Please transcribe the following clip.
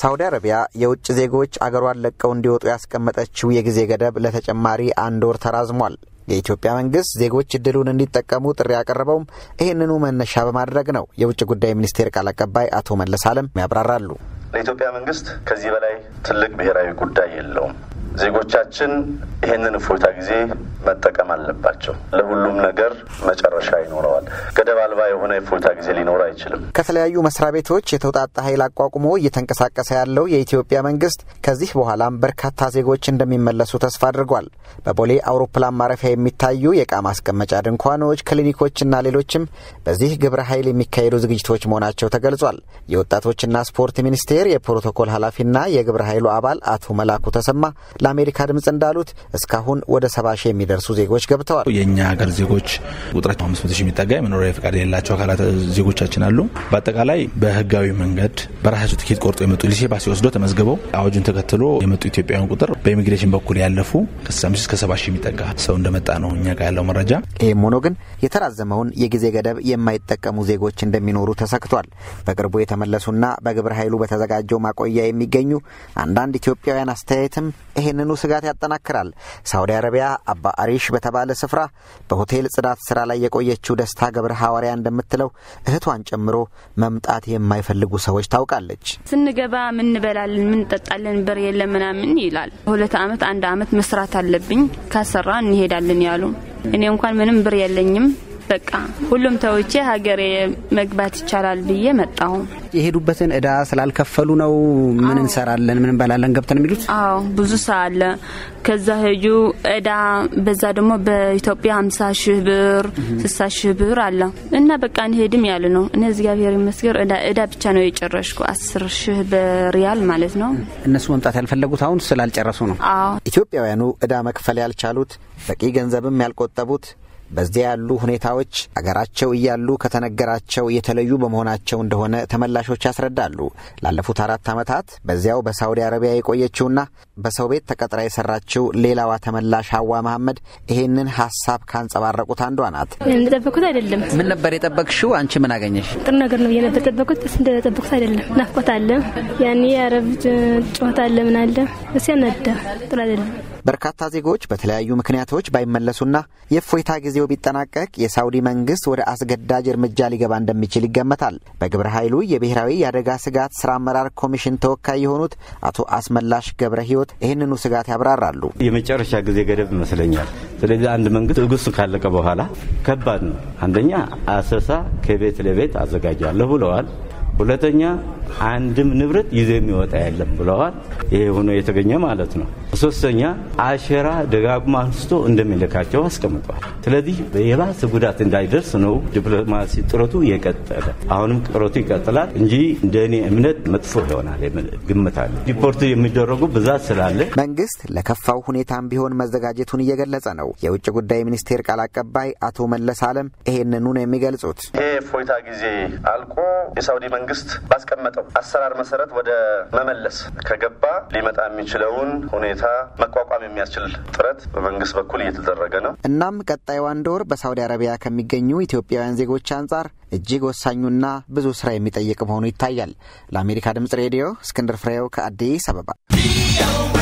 ሳውዲ አረቢያ የውጭ ዜጎች አገሯን ለቀው እንዲወጡ ያስቀመጠችው የጊዜ ገደብ ለተጨማሪ አንድ ወር ተራዝሟል። የኢትዮጵያ መንግስት ዜጎች እድሉን እንዲጠቀሙ ጥሪ ያቀረበውም ይህንኑ መነሻ በማድረግ ነው። የውጭ ጉዳይ ሚኒስቴር ቃል አቀባይ አቶ መለስ አለም ያብራራሉ። ለኢትዮጵያ መንግስት ከዚህ በላይ ትልቅ ብሔራዊ ጉዳይ የለውም። ዜጎቻችን ይህንን እፎይታ ጊዜ መጠቀም አለባቸው። ለሁሉም ነገር መጨረሻ ይኖረዋል። ገደብ አልባ የሆነ የእፎይታ ጊዜ ሊኖር አይችልም። ከተለያዩ መስሪያ ቤቶች የተውጣጣ ኃይል አቋቁሞ እየተንቀሳቀሰ ያለው የኢትዮጵያ መንግስት ከዚህ በኋላም በርካታ ዜጎች እንደሚመለሱ ተስፋ አድርጓል። በቦሌ አውሮፕላን ማረፊያ የሚታዩ የእቃ ማስቀመጫ ድንኳኖች፣ ክሊኒኮችና ሌሎችም በዚህ ግብረ ኃይል የሚካሄዱ ዝግጅቶች መሆናቸው ተገልጿል። የወጣቶችና ስፖርት ሚኒስቴር የፕሮቶኮል ኃላፊና የግብረ ኃይሉ አባል አቶ መላኩ ተሰማ ለአሜሪካ ድምፅ እንዳሉት እስካሁን ወደ ሰባ ሺህ የሚደርሱ ዜጎች ገብተዋል። የእኛ ሀገር ዜጎች ቁጥራቸው አምስት መቶ ሺህ የሚጠጋ የመኖሪያ ፈቃድ የሌላቸው አካላት ዜጎቻችን አሉ። በአጠቃላይ በህጋዊ መንገድ በራሳቸው ትኬት ቆርጦ የመጡ ሊሴ ሲወስዶ ተመዝግበው አዋጁን ተከትሎ የመጡ ኢትዮጵያውያን ቁጥር በኢሚግሬሽን በኩል ያለፉ ከ5 እስከ 7 ሺህ የሚጠጋ ሰው እንደመጣ ነው እኛ ጋር ያለው መረጃ። ይህም ሆኖ ግን የተራዘመውን የጊዜ ገደብ የማይጠቀሙ ዜጎች እንደሚኖሩ ተሰክቷል። በቅርቡ የተመለሱና በግብረ ኃይሉ በተዘጋጀው ማቆያ የሚገኙ አንዳንድ ኢትዮጵያውያን አስተያየትም ይሄ ይህንኑ ስጋት ያጠናክራል። ሳውዲ አረቢያ አባ አሪሽ በተባለ ስፍራ በሆቴል ጽዳት ስራ ላይ የቆየችው ደስታ ገብረ ሐዋርያ እንደምትለው እህቷን ጨምሮ መምጣት የማይፈልጉ ሰዎች ታውቃለች። ስንገባ ምንበላልን፣ ምንጠጣለን ብር የለም ምናምን ይላል። ሁለት አመት አንድ አመት መስራት አለብኝ ካሰራ እንሄዳለን ያሉ እኔ እንኳን ምንም ብር የለኝም በቃ ሁሉም ተውቼ ሀገሬ መግባት ይቻላል ብዬ መጣሁ። የሄዱበትን እዳ ስላልከፈሉ ነው ምን እንሰራለን ምን እንበላለን ገብተን የሚሉት? አዎ ብዙ ሰ አለ። ከዛ ህዩ እዳ በዛ ደግሞ በኢትዮጵያ ሀምሳ ሺህ ብር ስሳ ሺህ ብር አለ እና በቃ እንሄድም ያሉ ነው። እኔ እግዚአብሔር ይመስገን እዳ ብቻ ነው የጨረሽኩ አስር ሺህ በሪያል ማለት ነው። እነሱ መምጣት ያልፈለጉት አሁን ስላልጨረሱ ነው። አዎ ኢትዮጵያውያኑ እዳ መክፈል ያልቻሉት በቂ ገንዘብም ያልቆጠቡት በዚያ ያሉ ሁኔታዎች አገራቸው እያሉ ከተነገራቸው የተለዩ በመሆናቸው እንደሆነ ተመላሾች ያስረዳሉ። ላለፉት አራት ዓመታት በዚያው በሳውዲ አረቢያ የቆየችውና በሰው ቤት ተቀጥራ የሰራችው ሌላዋ ተመላሽ ሀዋ መሐመድ ይሄንን ሀሳብ ካንጸባረቁት አንዷ ናት። እንደጠበኩት አይደለም። ምን ነበር የጠበቅሽው? አንቺ ምን አገኘሽ? ጥሩ ነገር ነው ብዬ ነበር የጠበኩት። እንደጠበኩት አይደለም። ናፍቆት አለ፣ ያኔ የአረብ ጨዋታ አለ፣ ምን አለ እስ ያናዳ ጥሩ አይደለም። በርካታ ዜጎች በተለያዩ ምክንያቶች ባይመለሱና የእፎይታ ጊዜው ቢጠናቀቅ የሳውዲ መንግስት ወደ አስገዳጅ እርምጃ ሊገባ እንደሚችል ይገመታል። በግብረ ኃይሉ የብሔራዊ የአደጋ ስጋት ስራ አመራር ኮሚሽን ተወካይ የሆኑት አቶ አስመላሽ ገብረ ህይወት ይህንኑ ስጋት ያብራራሉ። የመጨረሻ ጊዜ ገደብ ይመስለኛል። ስለዚህ አንድ መንግስት ትዕግስቱ ካለቀ በኋላ ከባድ ነው። አንደኛ አሰሳ ከቤት ለቤት አዘጋጃለሁ ብለዋል። ሁለተኛ አንድም ንብረት ይዞ የሚወጣ የለም ብለዋል። ይሄ ሆኖ የተገኘ ማለት ነው። ሶስተኛ አሸራ ደጋግሞ አንስቶ እንደሚልካቸው አስቀምጧል። ስለዚህ የባሰ ጉዳት እንዳይደርስ ነው ዲፕሎማሲ ጥረቱ የቀጠለ አሁንም ጥረቱ ይቀጥላል እንጂ እንደ እኔ እምነት መጥፎ ይሆናል ግምት አለ። ዲፖርት የሚደረጉ ብዛት ስላለ መንግስት ለከፋው ሁኔታም ቢሆን መዘጋጀቱን እየገለጸ ነው። የውጭ ጉዳይ ሚኒስቴር ቃል አቀባይ አቶ መለስ አለም ይሄንኑ ነው የሚገልጹት። ይሄ ፎይታ ጊዜ አልቆ የሳውዲ መንግስት ባስቀመጠው አሰራር መሰረት ወደ መመለስ ከገባ ሊመጣ የሚችለውን ሁኔታ መቋቋም የሚያስችል ጥረት በመንግስት በኩል እየተደረገ ነው። እናም ቀጣዩ አንድ ወር በሳውዲ አረቢያ ከሚገኙ ኢትዮጵያውያን ዜጎች አንጻር እጅግ ወሳኙና ብዙ ስራ የሚጠይቅ መሆኑ ይታያል። ለአሜሪካ ድምጽ ሬዲዮ እስክንድር ፍሬው ከአዲስ አበባ